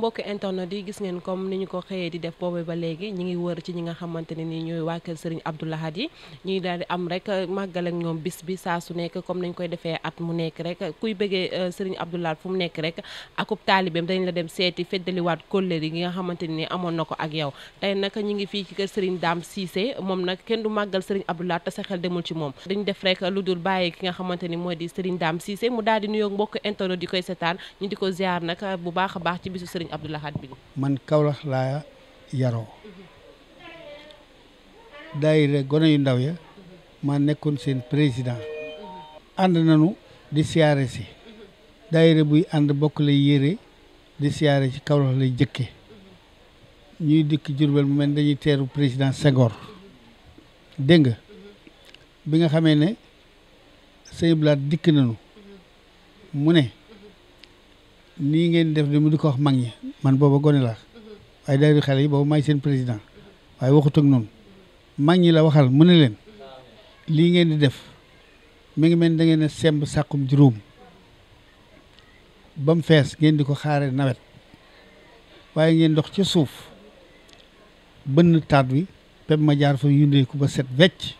mbokk internet yi gis ngeen comme ni ñu ko xëyee di def boobu ba léegi ñi ngi wër ci ñi nga xamante ne ñuy daal di am bi saa su nekk comme nañ koy defee at mu nekk rek kuy bëggee euh, Serigne Abdou Lahad fu mu nekk rek akub taalibeem dañ la dem seeti feddaliwaat kóllëre yi nga xamante ne nii amoon na ko ak yow tey nag ngi fii ci kër Serigne Dame Cissé moom nag kenn du màggal Serigne Abdou Lahad te sa xel demul ci moom dañ def rek lu dul bàyyi ki nga xamante ni moo di Serigne daam Cissé mu daal di nuyoo mbokk internet yi koy seetaan ñu di ko ziar nag bu baax a baax ci bisu Serigne sëriñ bi man Kaolack laa yaroo daayira gone yu ndaw ya ma nekkoon seen président ànd nañu di siyaare si daayira buy ànd bokk lay yére di siyaare ci Kaolack lay jëkke ñuy dikk Jurbel mu mel dañuy teeru président Senghor dégg nga bi nga xamee ne sëñ Blaat dikk nañu mu ne nii ngeen def di mu di ko wax mag ñi man booba gone la waaye daayira xale yi boobu may seen président waaye waxut ak noonu mag la waxal mu ne leen lii ngeen di def mi ngi mel da ngeen semb sàqum juróom ba mu fees ngeen di ko xaare nawet waaye ngeen dox ca suuf bënn taat wi pep ma jaar fa yundeeku ba set wecc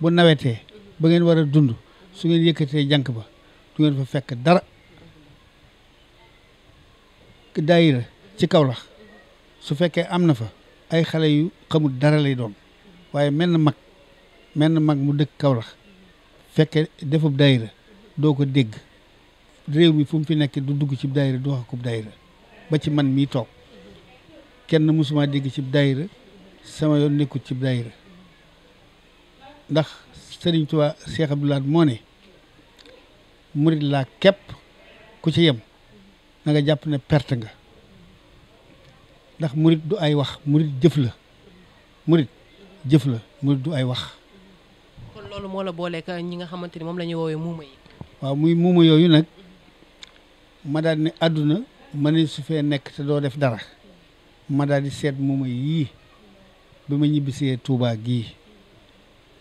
bu nawetee ba ngeen war a dund su ngeen yëkkatee jànk ba du ngeen fa fekk dara daayira ci Kaolack su fekkee am na fa ay xale yu xamul dara lay doon waaye menn mag menn mag mu dëkk Kaolack fekkee defub daayira doo ko dégg réew mi fu mu fi nekk du dugg cib daayira du wax ko daayira ba ci man mii toog kenn mësuma dégg ci daayira sama yoon nekkul cib daayira ndax Sëriñ Tuubaa Cheikh Abdoul Ahad moo ne murit laa képp ku ci yem na jàpp ne perte nga ndax murit du ay wax murit jëf la murit jëf la murit du ay wax. kon loolu moo la booleeg ñi nga xamante ni moom lañuy ñuy woowee muuma yi. waaw muy muuma yooyu nag ma daal ne àdduna ma ne su fee nekk te doo def dara ma daal di seet muuma yii bi ma ñibbisee tuubaa gii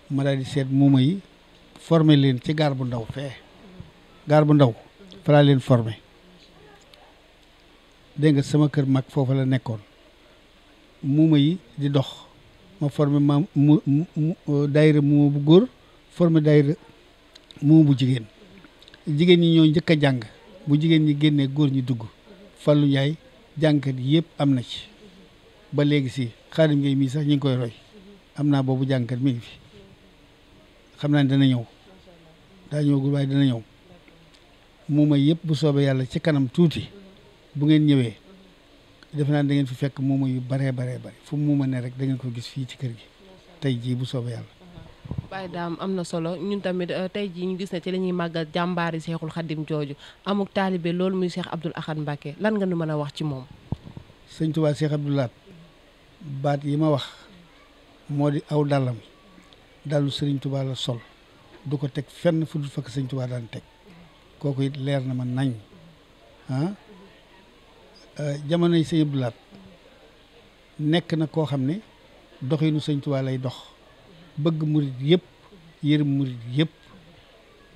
ma daal di seet muuma yi formé leen ci gaar bu ndaw fee gaar bu ndaw fa laa formé. dégg nga sama kër mag foofu la nekkoon muuma yi di dox ma formé ma mu euh, daayira muuma bu góor formé daayira muuma bu jigéen jigéen ñi ñoo njëkk a jàng bu jigéen ñi génnee góor ñi dugg Fallou Ndiaye jàngkat yëpp am na ci ba léegi si xaarim ngay mii sax ñu ngi koy roy am naa boobu jàngkat mi ngi fi xam naa ne dana ñëw daa ñëwagul waaye dana ñëw muuma yëpp bu soobee yàlla ci kanam tuuti bu ngeen ñëwee defe naa da ngeen fi fekk mooma yu baree baree bare fu mu mën ne rek da ngeen ko gis fii ci kër gi tey jii bu soobee yàlla. Baye Dame am na solo ñun tamit euh, tey jii ñu gis ne ci la ñuy màggal jàmbaari Seexul Xadim jooju amuk taalibe loolu muy seex Abdoul Ahad Mbacké lan nga nu mën a wax ci moom. sëñ Tuubaa Cheikh Abdoul Ahad baat yi ma wax moo di aw dàllam dàllu sëriñ Tuubaa la sol du ko teg fenn fu dul fakk sëñ Tuubaa daan teg kooku it leer na ma nañ ah? Euh, jamonoy sëñ nekk na koo xam ne doxinu sëñ lay dox bëgg murit yëpp yërëm murit yëpp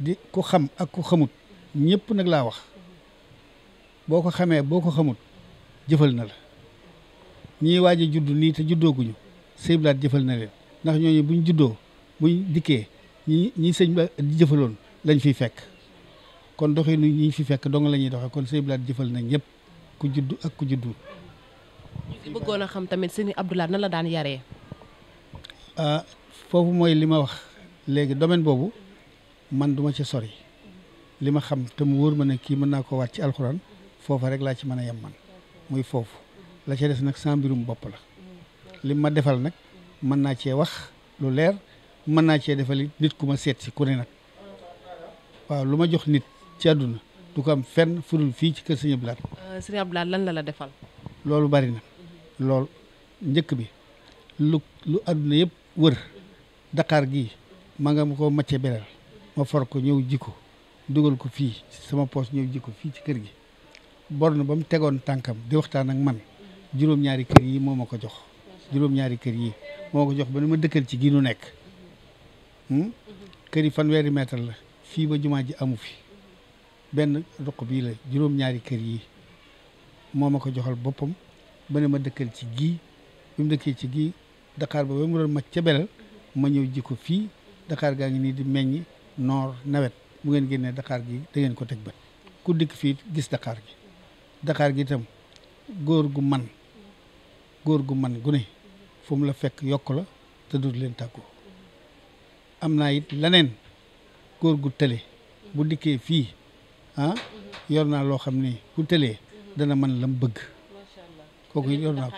di ku xam ak ku xamut ñëpp nag laa wax boo ko xamee boo ko xamut jëfal na la ñiy waaj a judd nii te juddooguñu sëñ Abdou Lahad jëfal na leen ndax ñooñu ñu juddoo buñ dikkee ñi ñi sëñ ba di jëfaloon lañ fiy fekk kon doxinu ñi fi fekk dong la ñuy doxee kon sëñ Abdou Lahad jëfal nañ ñëpp ku juddu ak ku juddu. ñu xam tamit sëñ Abdoulaye nan la daan yare ah foofu mooy li ma wax léegi domaine boobu man duma ci sori li ma xam te mu wóor ma ne kii mën naa ko waat ci alxuraan foofa rek laa ci mën a yem man muy foofu la ca des nag sa mbirum bopp la li ma defal nag mën naa cee wax lu leer mën naa cee defali nit ku ma seet si ku ne nag waaw lu ma jox nit ci àdduna du ko am fenn fudul fii ci kër Sëñ Abdoulaye sëriñ Abdoulaye lan la la defal. loolu bari na lool njëkk bi lu lu àdduna yëpp wër Dakar gii ma nga ma ko macce beral ma for ko ñëw ji ko dugal ko fii sama poos ñëw ji fii ci kër gi borne ba mu tegoon tànkam di waxtaan ak man juróom-ñaari kër yi moo ma ko jox juróom-ñaari kër yi moo ma ko jox ba nu ma dëkkal ci gii nu nekk hmm? kër yi fanweeri mètre la fii ba jumaa ji amu fi benn ruq bii la juróom-ñaari kër yi moo ma ko joxal boppam ba ne ma dëkkal ci gii bi mu dëkkee ci gii Dakar ba mu doon ma ca ma ñëw ji ko fii Dakar gaa ngi nii di meññ noor nawet bu ngeen génnee Dakar gi da ngeen ko teg bët ku dikk fii gis Dakar gi Dakar gi itam góor gu man góor gu man gu ne fu la fekk yokk la te du leen tàggoo am naa it leneen góor gu tële bu dikkee fii ah yor naa loo xam ne ku tëlee dana man lam bëgg kooku yor naa ko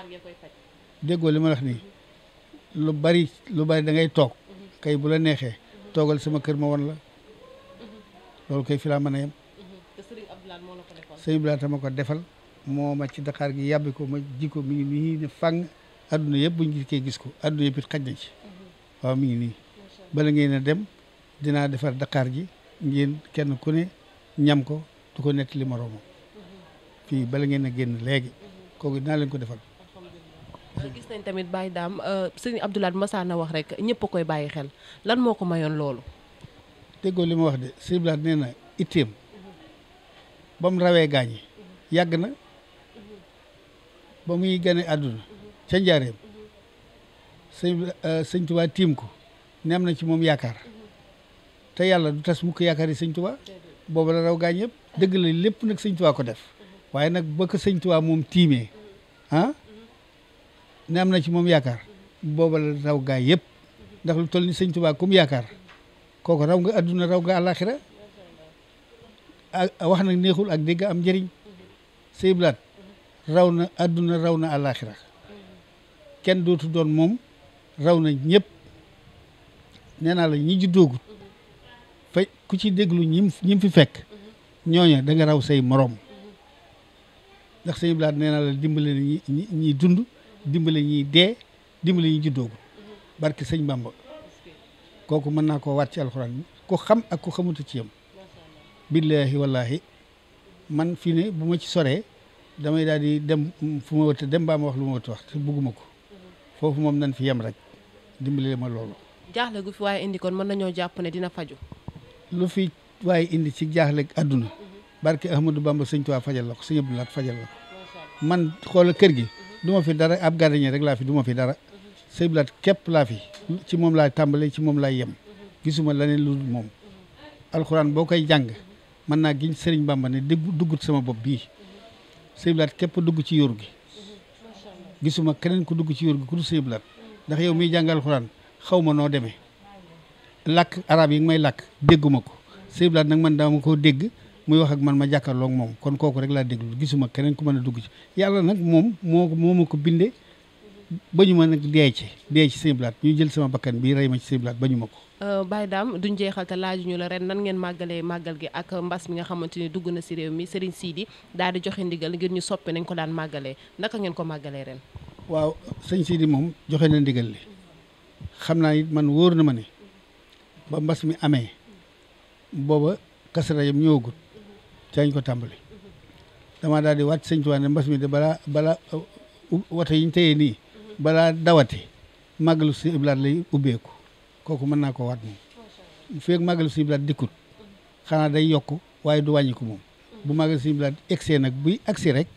déggoo li ma wax nii mhm. lu bari lu bari da ngay toog mhm. kay bu la neexee mhm. toogal sama kër ma won la loolu kay fi laa mën a yem sëñ Abdoulaye ma ko defal moom ma ci daqaar gi yàbbi ko ma ji ko mi ngi nii ne fang adduna yëpp bu ñu koy gis ko adduna yëpp it xaj na ci waaw mi ngi nii bala ngeen a dem dinaa defar daqaar ji ngeen kenn ku ne ñam ko du ko nekk li moroomam fii bala ngeen a génn léegi kooku dinaa leen ko defal. gis nañ tamit Baye Dame euh, sëñ Abdoulaye Massana wax rek ñëpp koy bàyyi xel lan moo ko mayoon loolu. déggoo li ma wax de sëñ Abdoulaye nee na itteem ba mu rawee gaañi yàgg na ba muy gane àdduna ca njaareem sëñ euh, sëñ tiim ko ne am na ci moom yaakaar te yàlla du tas mukk yaakaar yi sëñ Tuubaa boobu la raw gaañ yëpp dëgg la lépp nag sëñ Tuubaa ko def. waaye nag ba ko moom tiimee ah ne am na ci moom yaakaar boobal la raw gaa yëpp ndax lu toll ni sëñ Tuubaa comme yaakaar kooku raw nga adduna raw nga àllaaxira wax nag neexul ak dégg am njariñ sëy blaat raw na adduna raw na àllaaxira kenn dootu doon moom raw na ñëpp nee naa la ñi juddoogut fa ku ci déglu ñim ñim fi fekk ñooña da raw say moroom ndax sëñ Blaat nee naa la dimbale ñi dund dimbale ñiy dee dimbale ñiy juddoogu barki sëñ Bamba kooku mën naa koo waat ci xam ak ku xamutu ci yam billaahi wallaahi man fii ne bu ma ci soree damay daal di dem fu ma dem baa ma wax lu ma wax te ko foofu moom nañ fi yem rek dimbale ma loolu. jaaxle gu fi waaye indi kon mën nañoo jàpp ne dina faju lu fi waaye indi ci jaaxle àdduna barke Ahmadou Bamba sëñ Tuubaa fajal la ko sëñ Abdou Lahad fajal la ko man xoolal kër gi du fi dara ab gardien rek laa fi du ma fi dara sëñ Abdou Lahad képp laa fi ci moom laa tàmbalee ci moom laay yem gisuma leneen lu moom alxuraan boo koy jàng mën naa giñ sëriñ Bamba ne dégg duggut sama bopp bii sëñ Abdou Lahad képp dugg ci yóor gi gisuma keneen ku dugg ci yóor gi ku dul sëñ Abdou ndax yow muy jàng alxuraan xaw ma noo demee lakk arab yi ngi may làkk dégguma ko sëñ Abdou Lahad nag man koo dégg muy wax ak man ma jàkkaarloog moom kon kooku rek laa déglu gisuma keneen ku mën a dugg ci yàlla nag moom moo moo ma ko binde ba ñu ma nag dee ci dee ci seen ñu jël sama bakkan bi rey ma ci seen ba ñu ma ko euh, Baye Dame duñ jeexal te laajuñu la ren nan ngeen màggalee màggal gi ak mbas mi nga xamante ni dugg na si réew mi Serigne Sidi daal di joxe ndigal ngir ñu soppi nañ ko daan màggalee naka ngeen ko màggalee ren. waaw sëñ Sidi moom joxe na ndigal li xam naa it man wóor na ma ne ba mbas mi amee booba kasarayam ñëwagut cañ ko tàmbali damaa daal di wàcc sëñ Tuubaa ne mbas mi de balaa balaa wata yi ñu téye nii balaa dawati màggalu si iblaat lay ubbeeku kooku mën naa ko waat moom feeg màggalu si iblaat dikkut xanaa day yokk waaye du wàññi moom mm-hmm. bu màggalu si iblaat egsee nag buy agsi rek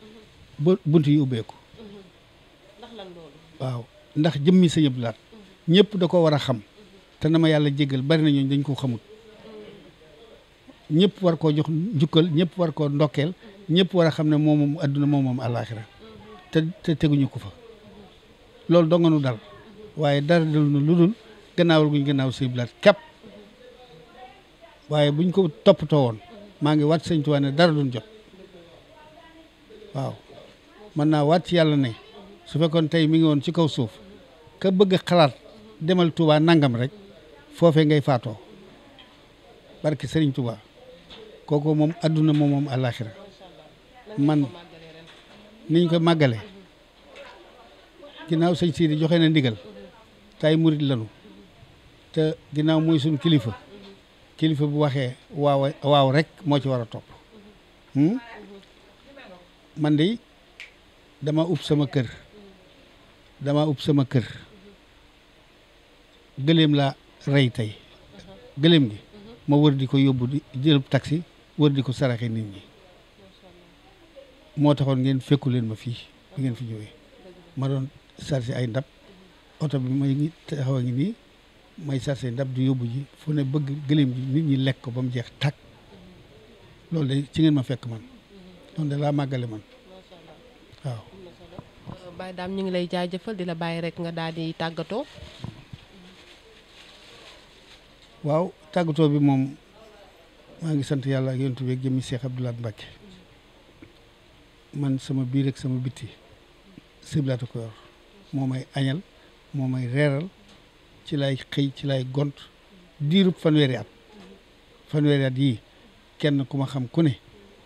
ba mm-hmm. bunt yi ubbeeku mm-hmm. waaw ndax jëmmi sëñ iblaat ñëpp da ko war a xam te na ma yàlla jégal bari na ñooñ dañ ko xamut ñëpp war koo jox njukkal ñëpp war ko ndokkeel ñëpp war a xam ne moom moom adduna moom moom àllaaxira te te teguñu ko fa loolu dong nu dal waaye dara dal nu ludul gannaawal guñ gannaaw suy blaat képp waaye buñ ko toppatoo woon maa ngi waat sëñ Tuubaa ne dara duñ jot waaw mën naa wat ci yàlla ne su fekkoon tey mi ngi woon ci kaw suuf ka bëgg xalaat demal Tuubaa nangam rek foofe ngay faatoo barki sëriñ Tuubaa kooku moom adduna moom moom man niñ ko màggale ginnaaw sëñ Sidi joxe na ndigal tay murit lanu te ginnaaw mooy suñ kilifa kilifa bu waxee waaw waaw rek moo ci war a topp hmm? man de dama ub sama kër dama ub sama kër gëléem la rey tey gëléem gi ma wër di ko yóbbu di jëlub taxi wër di ko saraxe nit ñi moo taxoon ngeen fekku leen ma fii bi ngeen fi ñëwee ma doon sarse ay ndab oto bi may ngi taxaw ngi nii may sarse ndab di yóbbu ji fu ne bëgg gëléem ji nit ñi lekk ko ba mu jeex tàkk loolu de ci ngeen ma fekk man noonu de laa màggale man waaw Baye Dame ñu ngi lay jaay jëfal di la bàyyi rek nga daal di tàggatoo waaw tàggatoo bi moom maa ngi sant yàlla ak yonent bi ak jëmmi Cheikh Abdoulaye Mbacke man sama biir ak sama bitti siblaata ko yor moo añal moo may reeral ci lay xëy ci lay gont diirub fanweeri at fanweeri at yii kenn ku ma xam ku ne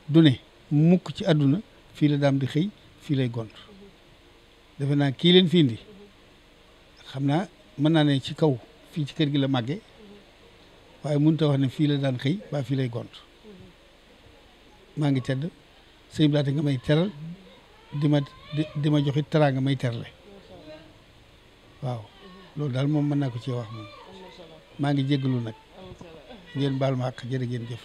du ne mukk ci àdduna fii la daam di xëy fii lay gont defe naa kii leen fi indi xam naa mën naa ne ci kaw fii ci kër gi la màgge waaye mënut a wax ne fii la daan xëy ba fii lay gont maa ngi tedd sëñ Blaate nga may teral di ma di ma joxit nga may terle waaw loolu daal moom mën naa ko ci wax moom maa ngi jéggalu nag ngeen baal ma àq jërë ngeen jëf